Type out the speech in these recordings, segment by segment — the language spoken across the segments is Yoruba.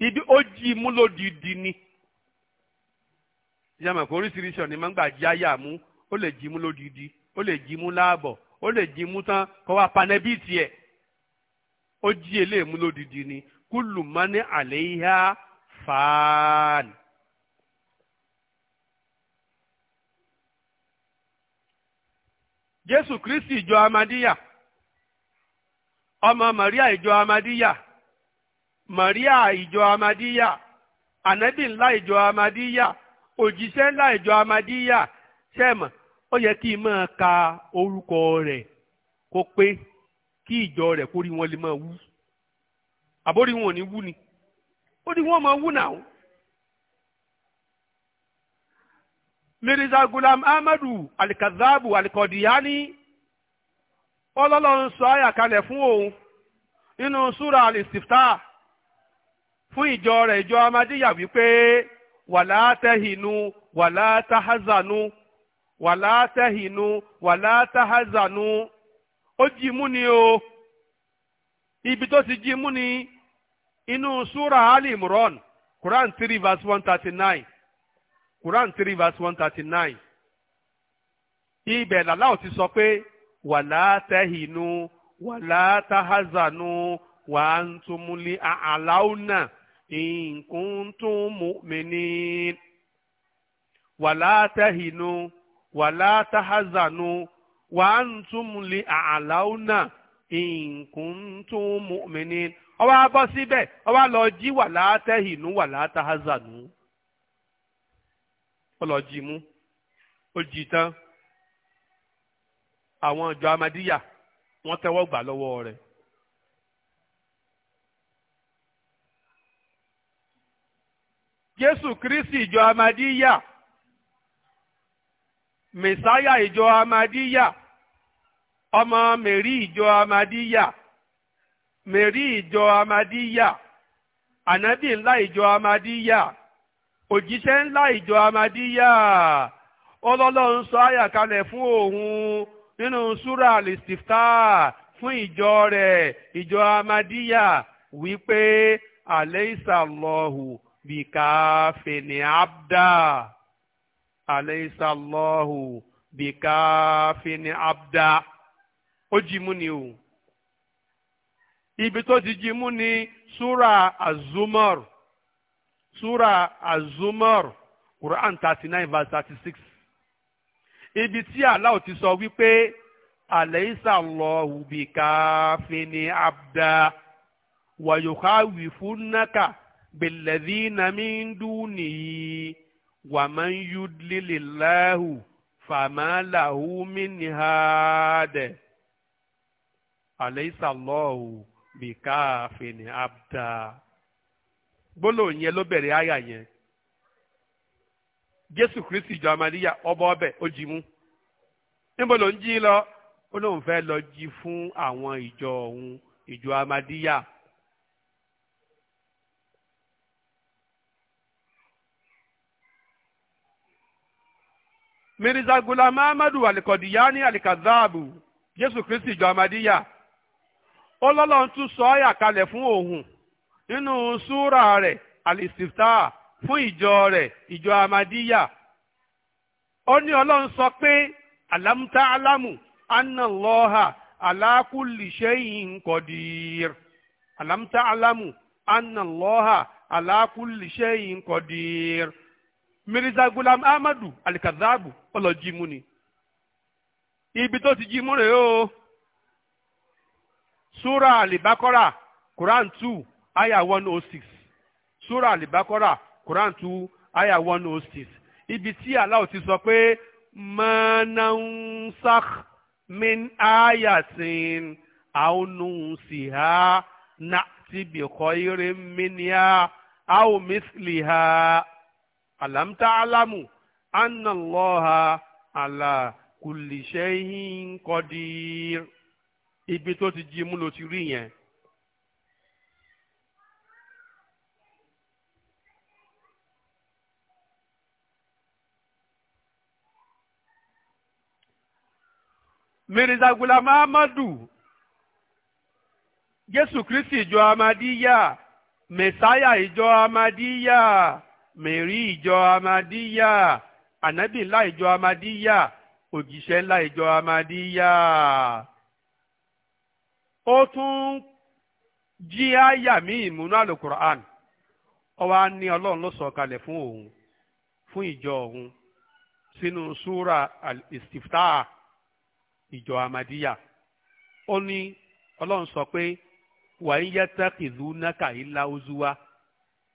ìdí ó jí mú lódìdí ni ìjàmọ̀ kò oríṣiríṣi ọ̀nì máa ń gbà jí àyà mú ó lè jí mú lódìdí ó lè jí mú láàbọ̀ ó lè jí mú tán kó wá panẹ́bíìtì ẹ̀ ó jí eléyìí mú lódìdí ni kúlù má ní àlẹ́ ìhá fàánì. Jésù Kristi ìjọ Amadíyà ọmọ Màríà ìjọ Amadíyà maria ijo Amadíyà ànábì ńlá ìjọ Amadíyà òjíṣẹ́ ńlá ìjọ Amadíyà sẹ́mọ̀ ó yẹ kí n máa ka orúkọ rẹ̀ kó pé kí ìjọ rẹ̀ kó rí wọn lè máa wú àbórí wọn ò ní wú ni ó ní wọn máa wú náà. Mirza Gulam Amadu Alikazabu Alikodiyani ọlọ́lọ́run sọ àyàkálẹ̀ fún òun nínú súra Alistifta. fún ìjọ rẹ̀ ìjọ amadíyà wípé wàlá tẹ́hìnú wàlá táházànú wàlá tẹ́hìnú wàlá táházànú ó jí mú ni o ibi tó ti jí mú ni inú súra ali imran quran three verse one thirty nine quran three verse one thirty nine ibẹ̀ làlá ò ti sọ pé wàlá tẹ́hìnú wàlá táházànú wàá ń túnmúlé àláùnà. إن كنتم مؤمنين ولا تهنوا ولا تحزنوا وأنتم لأعلون إن كنتم مؤمنين ọwọ́ abọ́ síbẹ̀ ọwọ́ lọ jí wà látẹ̀hìnú wà ọ lọ jí mú ó tán àwọn ìjọ wọ́n tẹ́wọ́ gbà lọ́wọ́ rẹ̀ jésù kristi IJO AMADIYA, MESAYA IJO AMADIYA, ọmọ Meri Ijo amadíyà Meri Ijo amadíyà Anabi Nla Ijo amadíyà òjíṣẹ́ Nla ìjọ amadíyà ọlọ́lọ́run sọ àyà fún òun nínú súrà lìsìftà fún ìjọ rẹ̀ ìjọ amadíyà wípé àlẹ́ bìkáfìní عبدا aláìsàlọ́hù bìkáfìní abdá ó jí mú ni o ibi tó ti jí mú ni verse thirty six ibi tí aláwọ̀ ti sọ wípé aláìsàlọ́hù bìkáfìní abdá wàyòkáwì fúnnaka. بالذين من دونه ومن يدلل الله فما له من هاد أليس الله بكاف عبدا gbólóhùn yẹn ló bẹ̀rẹ̀ àyà yẹn jésù kristi ìjọ amadiya ọba ọbẹ̀ ó jí mú níbo ló ń jí lọ ó lóun fẹ́ lọ jí fún àwọn ìjọ òun ìjọ amadiya mirza gulam ahmadu alikọdiyani alikadabu jésù kristi ìjọ amadiya ó lọ́lọ́run tún sọ ọ́yà kalẹ̀ fún òun nínú súra rẹ̀ alisifta fún ìjọ rẹ̀ ìjọ amadiya ó ní ọlọ́run sọ pé alamta alamu anallaha ala kulli shay'in qadir alamta alamu anallaha ala kulli shay'in qadir. mirza gulam amadu alikazabu ọlọ́jìmú ni ibi tó ti jí mú rèé o sura alibakora quran two aya one oh six sura alibakora quran two aya one oh six ibi tí Allah ti sọ pé manansakh min ayatin aununsiha na'ti bi khairin minha aw misliha. alam ta'lamu anna Allaha ala kulli shay'in qadir ibi tó ti jí mú ló ti rí yẹn. mirza gulam amadu kristi ìjọ amadíyà mẹsáyà ìjọ amadíyà. mẹ̀rí ìjọ amadíyà ànábì ńlá ìjọ amadíyà òjíṣẹ́ ńlá ìjọ amadíyà. ó tún jí àyà mí ìmúnú àlùkùrán ó ní ọlọ́run ló fún òun fún ìjọ òun sínú súra al ìjọ amadíyà ó ní ọlọ́run sọ pé wàá yẹ tẹ́kìlú náà kàí la ozuwa.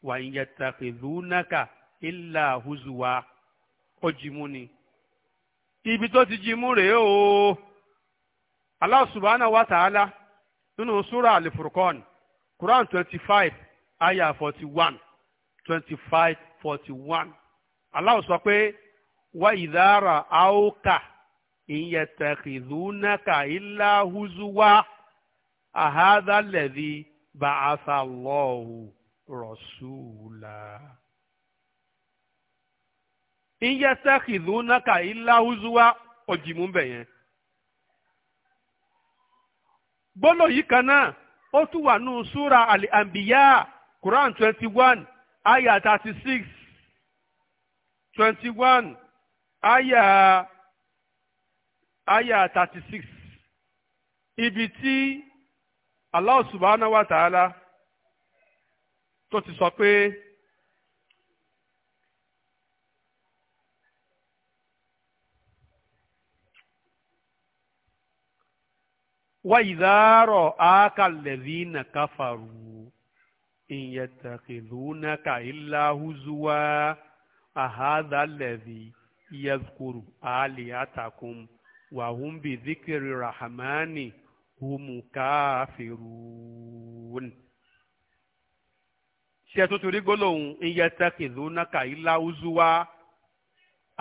wà ń yẹtàkìlúnàkà ìlà hùzùwà ó jimú ni. ibi tó ti jimú rèé o Allah subhanahu wa ta'ala nínú súra al-Furqan Quran twenty five ayah forty one twenty five forty one Allah sọ pé wa ìdára àókà ìyẹtẹ̀kìdúnákà ìlà hùzùwà àhádà lẹ́dí bàásà lọ́hùn. rọ̀ṣúùlà. ìyẹ́sẹ́kìdúnákà ìláhùzúwá ọ̀jìmú bẹ̀ yẹn. gbọ́dọ̀ yìí kan náà ó tún wà nù súra Quran twenty one ayah thirty six twenty one ayah ayah ibi tí Allah subhanahu tó ti sọ pé wa ìdárọ̀ ákàlẹ̀rí nà káfàrú ìyẹ̀tàkìlúnàkà ìlàhùzùwà àhádàlẹ̀rí yẹ́zkúrú àlìyàtàkùn wàhùn bìdíkìrì ràhàmánì hùmù ṣe ẹ tún ti rí gbólóhùn iyetakizunaka ila uzuwa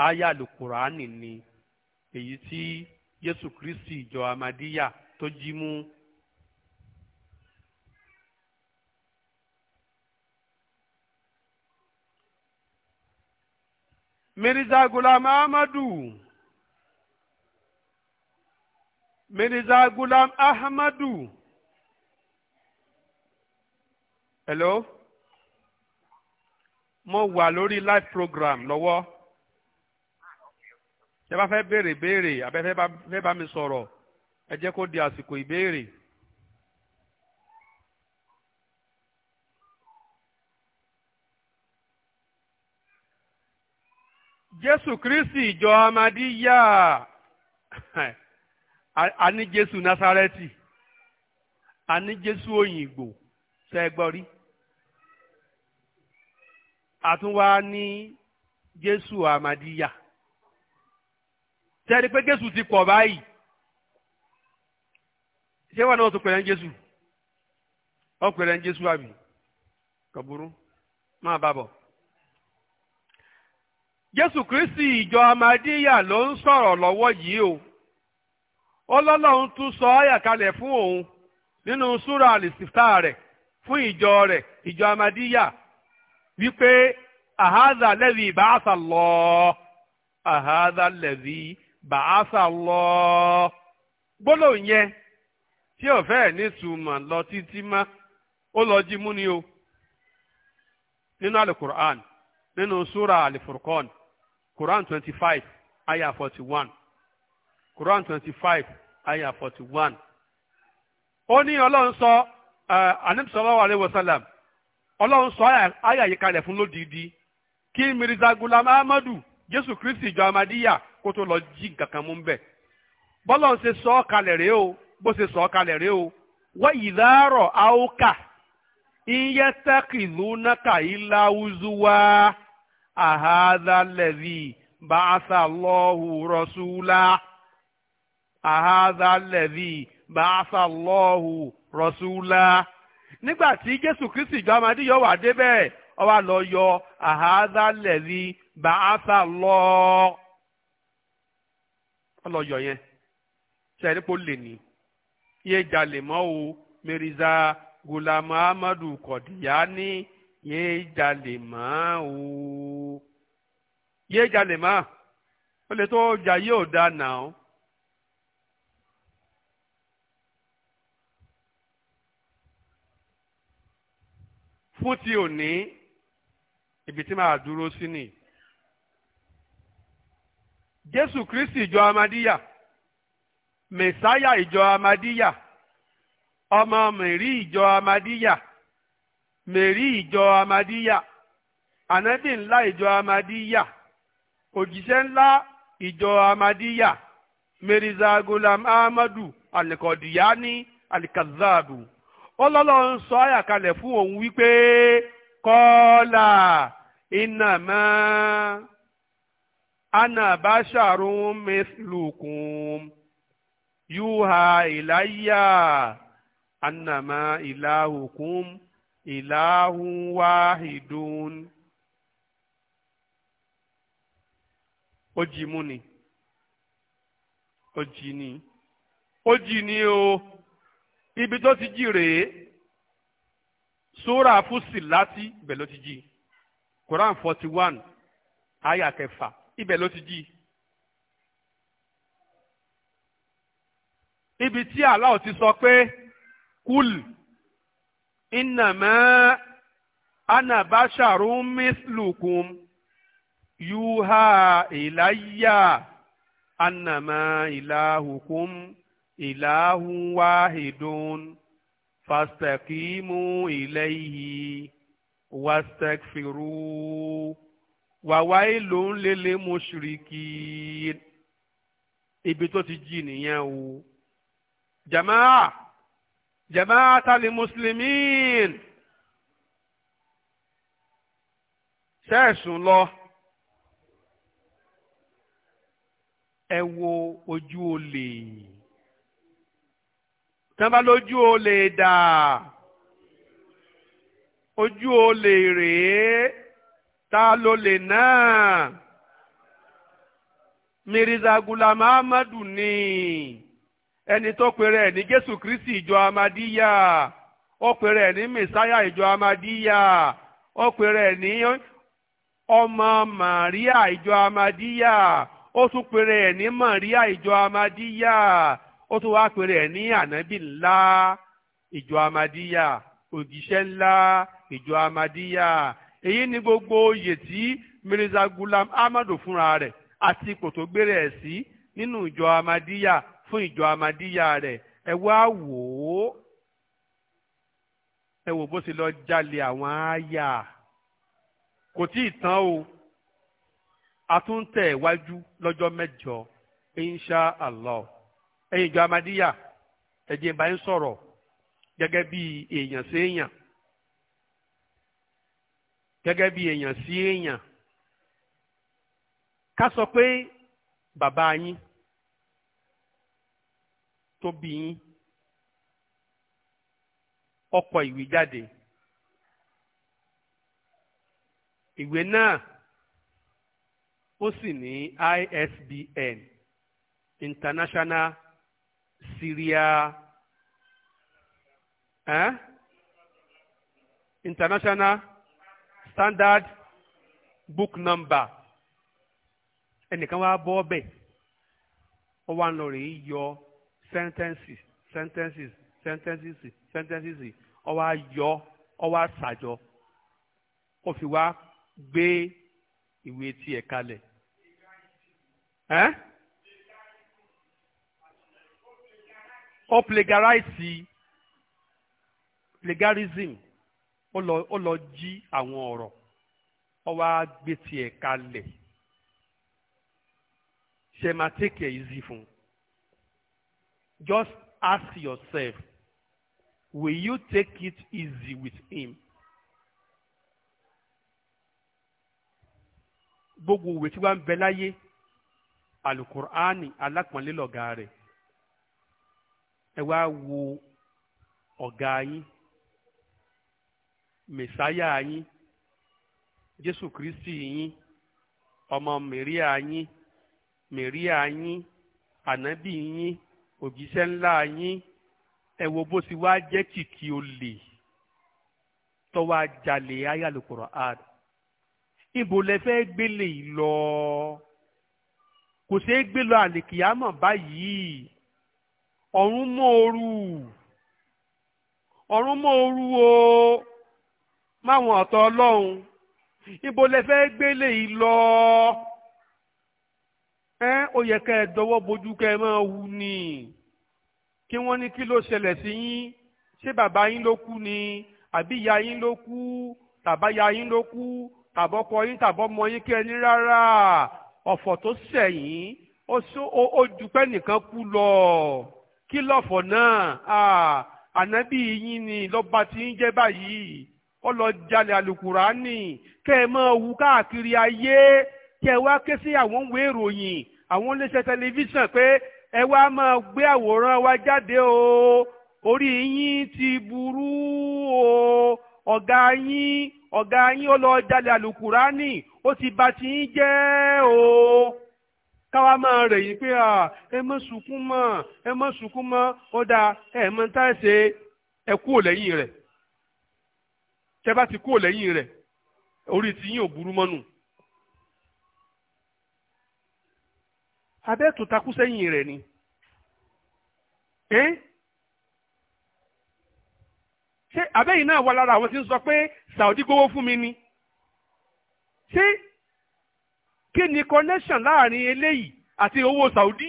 aya alukurani ni èyí tí Jésù Kristi ìjọ amadiya tó jí mú Mirza Gulam Ahmadu Mirza Gulam Ahmadu Hello? mo wà lórí live program lọ́wọ́ tẹ bá fẹ́ béèrè béèrè abẹ́ fẹ́ bá mi sọ̀rọ̀ ẹ jẹ́ kó di àsìkò ìbéèrè. jésù kristi ìjọ amadíyà a ní jésù nasarẹ́tì a ní jésù òyìnbó ṣé ẹ gbọ́ rí. àtúnwá ní jésù àmàdíyà tẹ́rí pé jésù ti pọ̀ báyìí ṣé wà ní oṣù pẹ̀lẹ́ jésù ọ̀pẹ̀lẹ́ jésù àbí kọ̀bùrú máa bá bọ̀. jésù kristi ìjọ àmàdíyà ló ń sọ̀rọ̀ lọ́wọ́ yìí o ọlọ́lọ́run tún sọ àyàkálẹ̀ fún òun nínú àlìsífà fún ìjọ rẹ̀ wípé àhádà lẹ́dí bàásà lọ àhádà lẹ́dí bàásà lọ gbólóhùn yẹn tí ọ̀fẹ́ ní sùmọ̀ lọ títí má ó lọ jí mú ni o nínú alukur'an nínú sura alifurkan quran twenty five aya forty one quran twenty five aya forty one ó ní ọlọ́run sọ anamsọ́lọ́wọ́ aleyhi wa ọlọ́run sọ àyà yìí kalẹ̀ fún lódìdí kí mirza gulam ahmadu jésù kristi ìjọ amadíyà kó tó lọ jí nǹkan mú bẹ. bọ́lọ́run ṣe sọ kalẹ̀ o bó ṣe sọ kalẹ̀ o wọ́n ìdárọ̀ àókà iye tẹ́kìlú uzuwa àhádálẹ́rì lọ́hù àhádálẹ́rì nígbà tí jésù kristi ìjọ amadi yọ wà débẹ̀ ó wá lọ yọ àhádá lẹ́rí bàásà lọ. ó lọ yọ yẹn sẹ́rípò lè ní yé jalè mọ́ o mẹ́rìzà gùlàmù amadu kọ̀dìyàní yé jalè mọ́ o yé jalè mọ́ o lè tó jà yóò dáa nà fún ti òní ibi tí màá dúró sí ni Jésù Kristi ìjọ amadíyà mẹsáyà ìjọ amadíyà ọmọ mẹrí ìjọ amadíyà mẹrí ìjọ amadíyà ànábì ńlá ìjọ amadíyà òjíṣẹ́ ńlá ìjọ amadíyà mẹrìzà gulam ahmadu alikọdìyàní alikazaabu. ọlọ́lọ́run sọ àyàkalẹ̀ fún òun wípé kọ́lá iná mọ́ anabasharun mislukum yuha ilayya ó jí mú ni ó jí ni ó jí ni o. ibi tó ti jí rèé sóra Fusilati ibẹ̀ ló ti jí Quran forty one aya kẹfà ibẹ̀ ló ti jí. ibi tí aláwọ̀ ti sọ pé kúl innama ana basharun mislukum yuha ilayya annama ilahukum ìlàhùn wáhìdùn fàstàkìmù ìlẹ́yìí wàstàkfìrú wàwáyé ló ń lélẹ̀ mọ́ṣúríkì ibi tó ti jí nìyẹn o jamaa jamaa tali muslimin sẹ́ẹ̀sùn lọ ẹ wo ojú olè yìí tán bá lójú o lè dà ojú o lè rèé ta ló lè náà mirza gulam ahmadu ni ẹni tó pèrè ẹ̀ ní jésù kristi ìjọ amadíyà ó pèrè ẹ̀ ní mẹsáyà ìjọ amadíyà ó pèrè ẹ̀ ní ọmọ màríà ìjọ amadíyà ó tún pèrè ẹ̀ ní màríà ìjọ amadíyà ó tún wáá pèrè ẹ̀ ní ànábì ńlá ìjọ amadíyà ògìṣẹ́ ńlá ìjọ amadíyà èyí ni gbogbo oyè tí mirza gulam amadu fúnra rẹ̀ àti ipò tó gbére ẹ̀ sí nínú ìjọ amadíyà fún ìjọ amadíyà rẹ̀ ẹ wá wò ó ẹ wò bó ṣe lọ jalè àwọn àyà kò tí ì tán o a tún tẹ̀ wájú lọ́jọ́ mẹ́jọ insha ẹ̀yin ìjọ amadíyà ẹ̀jẹ̀ ìbáyé sọ̀rọ̀ gẹ́gẹ́ bí èèyàn sí èèyàn gẹ́gẹ́ bí èèyàn sí èèyàn ká sọ pé bàbá yín tó bí yín ọkọ ìwé jáde ìwé náà ó sì ní ISBN International Syria eh? International Standard Book Number ẹnìkan wá bọ́ ọbẹ̀ ó wá ń lọ rèé yọ sentences sentences sentences sentences ó wá yọ ó wá ṣàjọ ó fi wá gbé ìwé tiẹ̀ kalẹ̀. Eh? ó plegarize plegarism ó lọ ó lọ jí àwọn ọ̀rọ̀ ó wá gbé tiẹ̀ kalẹ̀ ṣe máa take it easy fún just ask yourself will you take it easy with him. gbogbo òwe tí wàá ń bẹ láyé alukur'ani alápọ̀nlélọ́gà rẹ̀ ẹ wá wo ọ̀gá yín mẹ̀sáyà yín jésù kristi yín ọmọ mẹ̀ríà yín mẹ̀ríà yín ànábì yín òjíṣẹ́ ńlá yín ẹ wo bó ti wá jẹ́ kìkì olè tó wá jalè ad ibo lẹ fẹ́ gbélé lọ kò báyìí. ọ̀run mòoru ọ̀run mòoru o máwọn ọ̀tọ̀ ọlọ́run ibo lẹ fẹ́ gbélé yìí lọ ẹ ó yẹ ká ẹ dọwọ́ bojú ká ẹ máa wù ní kí wọ́n ní kí ló ṣẹlẹ̀ sí yín ṣé bàbá yín ló kú ni àbí ìyá yín ló kú tàbá ìyá yín ló kú tàbọ́kọ yín tàbọ́mọ yín kí ẹ ní rárá ọ̀fọ̀ tó ṣẹ̀yìn ó ju pẹ́ nìkan kú lọ kí lọ́fọ̀ náà ah, ànábì yín ni lọ́ba tí ń jẹ́ báyìí ọlọ jalè alukurani kẹ́ ẹ máa wú káàkiri ayé kẹ́ ẹ wá ké sí àwọn ìwé ìròyìn àwọn iléeṣẹ́ tẹlifíṣàn pé ẹ wá máa gbé àwòrán wa jáde o orí yín ti burú o ọ̀gá yín ọ̀gá yín ó lọ jalè alukurani ó ti bà ti ń jẹ́ o káwa máa rẹ̀ yín pé ẹ mọ́ sunkún mọ́ ẹ mọ́ sunkún mọ́ ó dáa ẹ mọ́ tá ẹ ṣe ẹ kúrò lẹ́yìn rẹ̀ tẹ́ bá ti kúrò lẹ́yìn rẹ̀ orí ti yín ò burú mọ́nù. abẹ́ tó takú sẹ́yìn rẹ̀ ni. ṣé abẹ́yìn náà wà lára àwọn tí ń sọ pé Saudi gbowó fún mi ni. ṣé kí ni connection láàrin eléyìí àti owó Saudi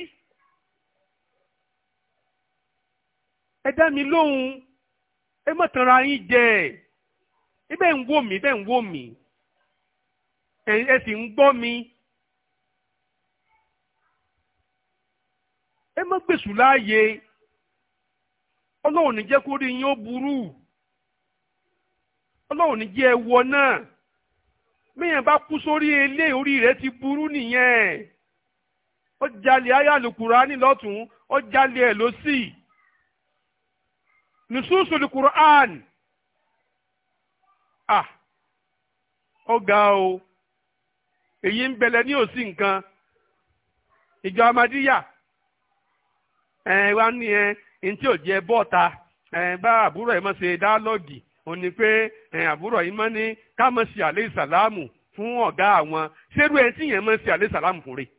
ẹ dá mi lóhun ẹ má tanra yín jẹ ẹ bẹ́ẹ̀ ń wò mí bẹ́ẹ̀ ń wò mí ẹ sì ń gbọ́ mi ẹ má gbèsù láàyè ọlọ́run ní jẹ́ kó rí yín ó burú ọlọ́run ní jẹ́ ẹ wọ náà. míyàn bá kú sórí ilé orí rẹ̀ ti burú nìyẹn ó jalè ayálùkùránì lọ́tún ó jalè ẹ̀ lọ́sì nùsùsù lùkùránì ah ó ga o èyí ń bẹ̀lẹ̀ ní òsì nǹkan ìjọ amadíyà ẹ wá ní ẹ ní tí ò jẹ bọ́ọ̀ta ẹ bá àbúrò ẹ mọ̀ ṣe dáálọ́ọ̀gì òun ni pé àbúrò yìí máa ní ká máa ṣe àlẹ́ ìsàlámù fún ọ̀gá àwọn ṣérú ẹ tí yẹn máa ṣe àlẹ́ ìsàlámù fún rẹ̀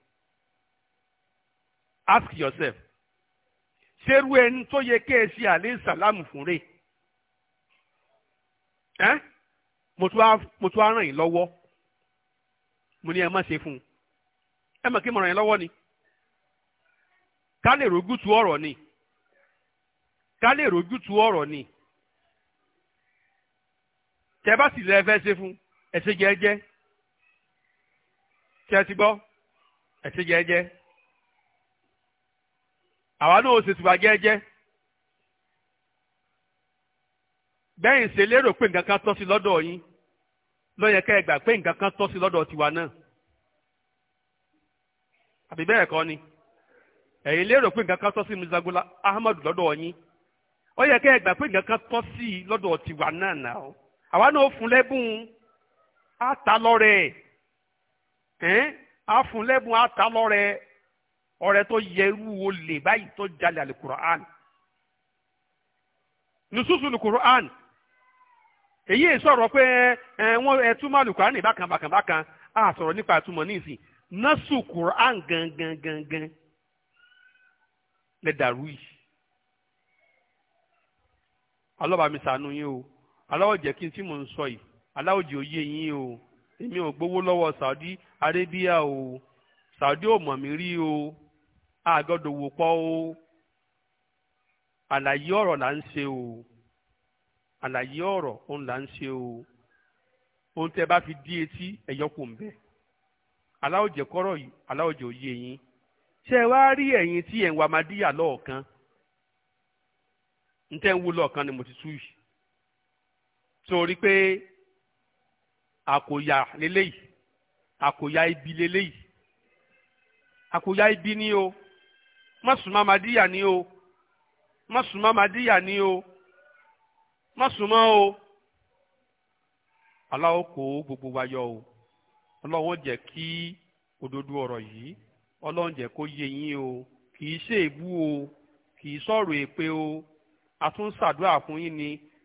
ask yourself ṣérú ẹni tó yẹ kẹ́ ẹ ṣe àlẹ́ ìsàlámù fún rẹ̀ ẹ́ mo tún á ràn yín lọ́wọ́ mo ní ẹ má ṣe fún un ẹ mọ̀ kí mo ràn yín lọ́wọ́ ni ká lè rògùtù ọ̀rọ̀ ni ká lè rògùtù ọ̀rọ̀ ni. tẹ bá sì lẹ fẹ́ ṣe fún ẹ ṣe ti gbọ́ àwa náà ó ṣe tiwa jẹ́jẹ́ bẹ́yìn ṣe lérò pé nǹkan kan tọ́ sí lọ́dọ̀ yín pé nǹkan ni ẹ̀yin lérò pé nǹkan kan tọ́ Ahmadu lọ́dọ̀ yín yẹ pé nǹkan kan tọ́ àwa náà fún lẹ́bùn àtàlọ́rẹ̀ ẹ̀ a fún lẹ́bùn àtàlọ́rẹ̀ ọ̀rẹ́ tó yẹrú olè báyìí tó jalè alukur'an nususu alukur'an èyí è sọ̀rọ̀ pé ẹ wọ́n ẹ túmọ̀ alukur'an bákan bákan bákan á sọ̀rọ̀ nípa àtúmọ̀ ní ìsìn nasu kur'an gangan gangan lẹ́dàrú yìí ọlọ́ba mi ṣàánú yín o. aláwọ̀ jẹ́ kí n tí mò ń sọ yìí aláwọ̀ jẹ́ òye yín o èmi ò gbowó lọ́wọ́ Saudi Arabia o Saudi ò mọ̀ mí rí o àgọ́dọ̀ wò pọ̀ o àlàyé ọ̀rọ̀ là ń o àlàyé ọ̀rọ̀ òun là ń ṣe o ohun tẹ́ bá fi dí etí ń bẹ̀ aláwọ̀ jẹ́ kọ́rọ̀ yìí aláwọ̀ jẹ́ òye yín ṣé ẹ wá rí ẹ̀yin tí ẹ̀ ń wà máa díyà lọ́ọ̀kan ń wú torí pé àkòyà leléyìí àkòyà ibi leléyìí àkòyà ibi ni o mọ̀sùmá madíyà ni o mọ̀sùmá madíyà ni o mọ̀sùmá o aláwo kó gbogbo wa yọ o ọlọ́wọ́n jẹ́ kí òdodo ọ̀rọ̀ yìí ọlọ́run jẹ́ kó yé yín o kì í ṣe èébú o kì í sọ̀rọ̀ èpè o a tún ṣàdúrà fún yín ni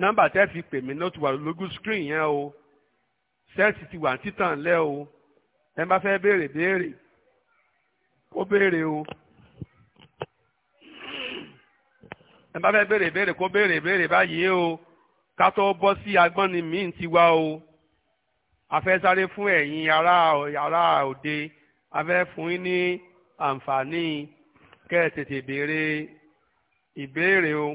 nọ́mbà tẹ́ fi pè mí náà ti wà lógún screen yẹn o sẹ́ẹ̀tì ti wà títàn lẹ́ o ẹ bá fẹ́ béèrè béèrè kó béèrè o ẹ bá fẹ́ béèrè béèrè kó béèrè béèrè báyìí o ká tó bọ́ sí agbọ́nni míì ti wá o afẹ́sáré fún ẹ̀yin ará ará òde afẹ́ fún yín ní àǹfààní kẹ́ ẹ̀ tètè béèrè ìbéèrè o.